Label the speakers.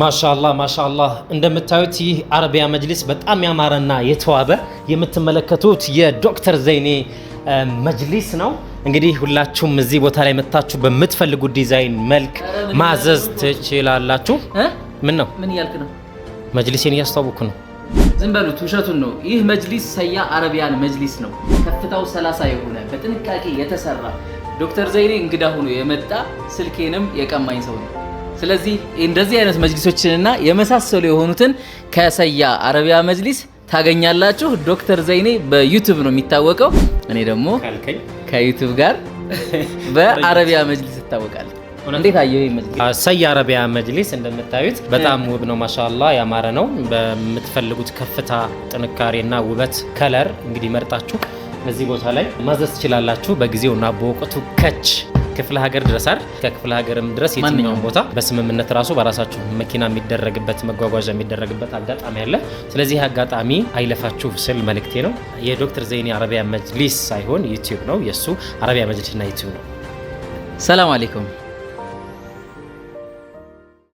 Speaker 1: ማሻላ ማሻላ እንደምታዩት ይህ አረቢያ መጅሊስ በጣም ያማረና የተዋበ የምትመለከቱት የዶክተር ዘይኔ መጅሊስ ነው። እንግዲህ ሁላችሁም እዚህ ቦታ ላይ መታችሁ በምትፈልጉ ዲዛይን መልክ ማዘዝ ትችላላችሁ። ምን ነው ምን እያልክ ነው? መጅሊሴን እያስተዋወኩ ነው። ዝም በሉት፣ ውሸቱን ነው። ይህ መጅሊስ ሰያ አረቢያን መጅሊስ ነው። ከፍታው 30 የሆነ በጥንቃቄ የተሰራ ዶክተር ዘይኔ እንግዳ ሆኖ የመጣ ስልኬንም የቀማኝ ሰው ነው። ስለዚህ እንደዚህ አይነት መጅሊሶችንና የመሳሰሉ የሆኑትን ከሰያ አረቢያ መጅሊስ ታገኛላችሁ። ዶክተር ዘይኔ በዩቱብ ነው የሚታወቀው። እኔ ደግሞ ከዩቱብ ጋር በአረቢያ መጅሊስ ይታወቃል። እንዴት አየሁ? ሰያ አረቢያ መጅሊስ እንደምታዩት በጣም ውብ ነው። ማሻላ ያማረ ነው። በምትፈልጉት ከፍታ፣ ጥንካሬና ውበት ከለር እንግዲህ መርጣችሁ እዚህ ቦታ ላይ ማዘዝ ትችላላችሁ። በጊዜው እና በወቅቱ ከች ክፍለ ሀገር ድረስ አይደል? ከክፍለ ሀገርም ድረስ የትኛውን ቦታ በስምምነት ራሱ በራሳችሁ መኪና የሚደረግበት መጓጓዣ የሚደረግበት አጋጣሚ አለ። ስለዚህ አጋጣሚ አይለፋችሁ ስል መልእክቴ ነው። የዶክተር ዘይኒ አረቢያ መጅሊስ ሳይሆን ዩቲዩብ ነው የእሱ አረቢያ መጅሊስና ዩቲዩብ ነው። ሰላም አሌይኩም።